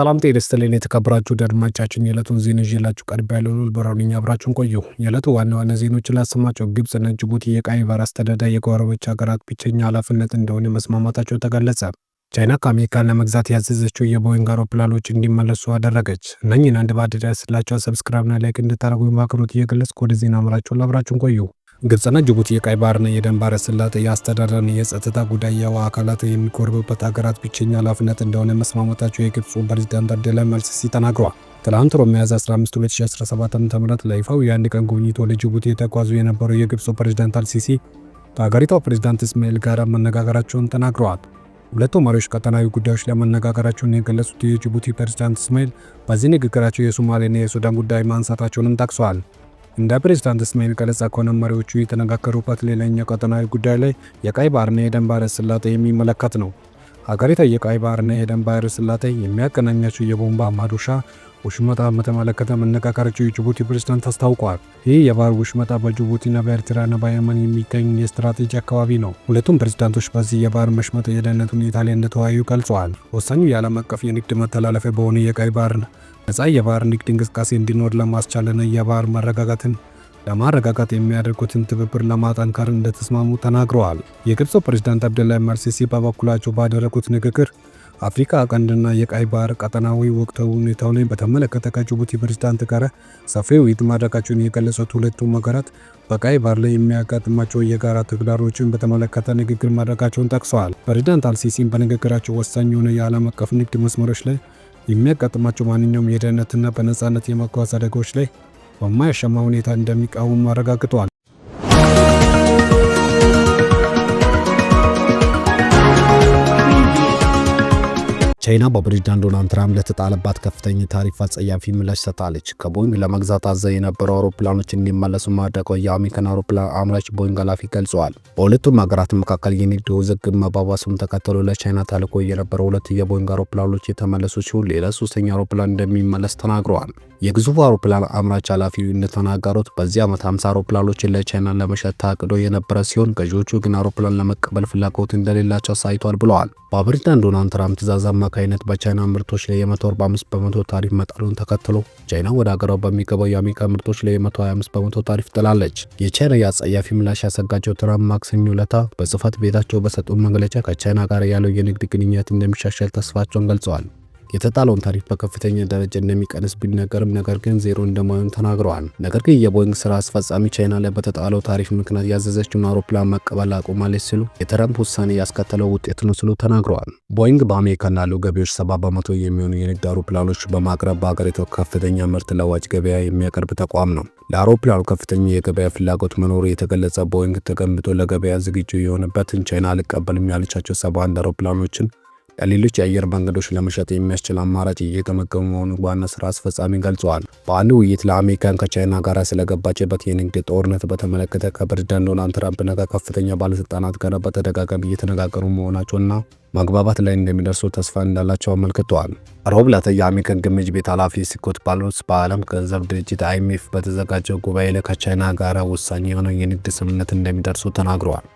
ሰላም ጤና ይስጥልኝ የተከበራችሁ አድማጮቻችን፣ የዕለቱን ዜና ይዤላችሁ ቀርቤያለሁ። ልዑል ብርሃኑ ነኝ። አብራችሁን ቆዩ። የዕለቱ ዋና ዋና ዜናዎችን ላሰማችሁ። ግብፅና ጅቡቲ የቀይ ባህር አስተዳደር የጎረቤት ሀገራት ብቸኛ ኃላፊነት እንደሆነ መስማማታቸው ተገለጸ። ቻይና ከአሜሪካን ለመግዛት ያዘዘችው የቦይንግ አውሮፕላኖች እንዲመለሱ አደረገች። እነኝን አንድ ባድዳ ስላቸው ሰብስክራይብና ላይክ እንድታደርጉ በአክብሮት እየገለጽኩ ወደ ዜና አምራችሁን ላብራችሁን ቆዩ ግብፅና ጅቡቲ የቀይ ባህርና የደንባረ ስላጤ ሰላጤ የአስተዳደርና የጸጥታ ጉዳይ የውሃ አካላት የሚኮርብበት ሀገራት ብቸኛ ኃላፊነት እንደሆነ መስማማታቸው የግብፁ ፕሬዚዳንት አብደላ መልሲሲ ተናግረዋል። ትላንት ሮብ ሚያዝያ 15 2017 ዓ.ም ለይፋው የአንድ ቀን ጉብኝት ወደ ጅቡቲ የተጓዙ የነበሩ የግብፁ ፕሬዚዳንት አልሲሲ ከሀገሪቷ ፕሬዚዳንት እስማኤል ጋር መነጋገራቸውን ተናግረዋል። ሁለቱ መሪዎች ቀጠናዊ ጉዳዮች ላይ መነጋገራቸውን የገለጹት የጅቡቲ ፕሬዚዳንት እስማኤል በዚህ ንግግራቸው የሶማሌና የሱዳን ጉዳይ ማንሳታቸውንም ጠቅሰዋል። እንደ ፕሬዝዳንት እስማኤል ገለጻ ከሆነ መሪዎቹ የተነጋገሩበት ሌላኛው ቀጠናዊ ጉዳይ ላይ የቀይ ባህርና የኤደን ባህረ ሰላጤ የሚመለከት ነው። ሀገሪቷ የቀይ ባህርና የኤደን ባህረ ሰላጤ የሚያገናኛቸው የቦምባ ማዶሻ ውሽመጣ በተመለከተ መነቃቃራቸው የጅቡቲ ፕሬዝዳንት አስታውቋል። ይህ የባህር ውሽመጣ በጅቡቲና በኤርትራና በየመን የሚገኝ የስትራቴጂ አካባቢ ነው። ሁለቱም ፕሬዝዳንቶች በዚህ የባህር መሽመጥ የደህንነት ሁኔታ ላይ እንደተወያዩ ገልጸዋል። ወሳኙ የዓለም አቀፍ የንግድ መተላለፊያ በሆነ የቀይ ባህር ነጻ የባህር ንግድ እንቅስቃሴ እንዲኖር ለማስቻልና የባህር መረጋጋትን ለማረጋጋት የሚያደርጉትን ትብብር ለማጠንከር እንደተስማሙ ተናግረዋል። የግብፅ ፕሬዝዳንት አብደላይ መርሲሲ በበኩላቸው ባደረጉት ንግግር አፍሪካ ቀንድና የቀይ ባህር ቀጠናዊ ወቅታዊ ሁኔታው ላይ በተመለከተ ከጅቡቲ ፕሬዝዳንት ጋር ሰፊ ውይይት ማድረጋቸውን የገለጹት ሁለቱም ሀገራት በቀይ ባህር ላይ የሚያጋጥማቸው የጋራ ተግዳሮችን በተመለከተ ንግግር ማድረጋቸውን ጠቅሰዋል። ፕሬዝዳንት አልሲሲም በንግግራቸው ወሳኝ የሆነ የዓለም አቀፍ ንግድ መስመሮች ላይ የሚያጋጥማቸው ማንኛውም የደህንነትና በነፃነት የመጓዝ አደጋዎች ላይ በማያሻማ ሁኔታ እንደሚቃወሙ አረጋግጠዋል። ቻይና በፕሬዝዳንት ዶናልድ ትራምፕ ለተጣለባት ከፍተኛ ታሪፍ አጸያፊ ምላሽ ሰጥታለች። ከቦይንግ ለመግዛት አዘ የነበሩ አውሮፕላኖች እንዲመለሱ ማድረገው የአሜሪካን አውሮፕላን አምራች ቦይንግ ኃላፊ ገልጸዋል። በሁለቱም ሀገራት መካከል የንግድ ውዝግብ መባባሱን ተከትሎ ለቻይና ተልኮ የነበረው ሁለት የቦይንግ አውሮፕላኖች የተመለሱ ሲሆን ሌላ ሶስተኛ አውሮፕላን እንደሚመለስ ተናግረዋል። የግዙፉ አውሮፕላን አምራች ኃላፊው እንደተናገሩት በዚህ ዓመት 50 አውሮፕላኖችን ለቻይና ለመሸጥ ታቅዶ የነበረ ሲሆን ገዢዎቹ ግን አውሮፕላን ለመቀበል ፍላጎት እንደሌላቸው አሳይቷል ብለዋል። በፕሬዝዳንት ዶናልድ ትራምፕ ትዕዛዝ አማካኝነት በቻይና ምርቶች ላይ የ145 በመቶ ታሪፍ መጣሉን ተከትሎ ቻይና ወደ ሀገሯ በሚገባው የአሜሪካ ምርቶች ላይ የ125 በመቶ ታሪፍ ጥላለች። የቻይና የአጸያፊ ምላሽ ያሰጋቸው ትራምፕ ማክሰኞ ዕለት በጽህፈት ቤታቸው በሰጡት መግለጫ ከቻይና ጋር ያለው የንግድ ግንኙነት እንደሚሻሻል ተስፋቸውን ገልጸዋል። የተጣለውን ታሪፍ በከፍተኛ ደረጃ እንደሚቀንስ ቢነገርም ነገር ግን ዜሮ እንደማይሆን ተናግረዋል። ነገር ግን የቦይንግ ስራ አስፈጻሚ ቻይና ላይ በተጣለው ታሪፍ ምክንያት ያዘዘችውን አውሮፕላን መቀበል አቁማለች ሲሉ የትረምፕ ውሳኔ ያስከተለው ውጤት ነው ሲሉ ተናግረዋል። ቦይንግ በአሜሪካ ላሉ ገቢዎች ሰባ በመቶ የሚሆኑ የንግድ አውሮፕላኖች በማቅረብ በሀገሪቱ ከፍተኛ ምርት ለዋጭ ገበያ የሚያቀርብ ተቋም ነው። ለአውሮፕላኑ ከፍተኛ የገበያ ፍላጎት መኖሩ የተገለጸ ቦይንግ ተገንብቶ ለገበያ ዝግጁ የሆነበትን ቻይና አልቀበልም ያለቻቸው አንድ አውሮፕላኖችን ለሌሎች የአየር መንገዶች ለመሸጥ የሚያስችል አማራጭ እየገመገሙ መሆኑ ዋና ስራ አስፈጻሚ ገልጸዋል። በአንድ ውይይት ለአሜሪካን ከቻይና ጋር ስለገባችበት የንግድ ጦርነት በተመለከተ ከፕሬዚዳንት ዶናልድ ትራምፕ ነገ ከከፍተኛ ባለስልጣናት ጋር በተደጋጋሚ እየተነጋገሩ መሆናቸውና መግባባት ላይ እንደሚደርሱ ተስፋ እንዳላቸው አመልክተዋል። ሮብ ዕለት የአሜሪካን ግምጃ ቤት ኃላፊ ስኮት ባሎስ በዓለም ገንዘብ ድርጅት አይኤምኤፍ በተዘጋጀው ጉባኤ ላይ ከቻይና ጋር ወሳኝ የሆነው የንግድ ስምምነት እንደሚደርሱ ተናግረዋል።